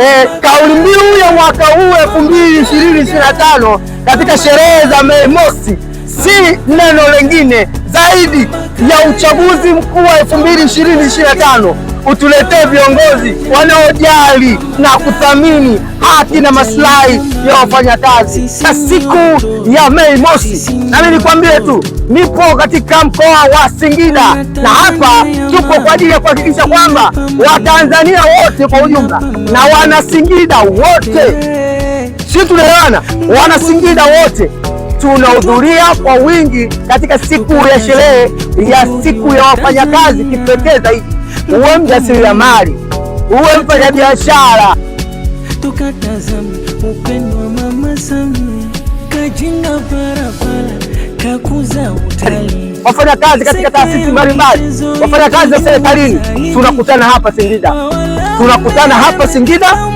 E, kauli mbiu ya mwaka huu elfu mbili ishirini na tano katika sherehe za Mei Mosi si neno lingine zaidi ya uchaguzi mkuu wa elfu mbili ishirini na tano utuletee viongozi wanaojali na kuthamini haki na maslahi ya wafanyakazi. Na siku ya Mei Mosi, nami nikwambie tu nipo katika mkoa wa Singida na hapa tuko kwa ajili ya kuhakikisha kwamba Watanzania wote kwa ujumla na Wanasingida wote, si tunaelewana? Wanasingida wote tunahudhuria kwa wingi katika siku ya sherehe ya siku ya wafanyakazi kipekee zaidi. Uwe mjasiriamali, uwe mfanyabiashara tukatazama upendo wa Mama Samia kajinga barabara wafanya kazi katika taasisi mbalimbali, wafanya kazi za serikalini, tunakutana hapa Singida, tunakutana hapa Singida.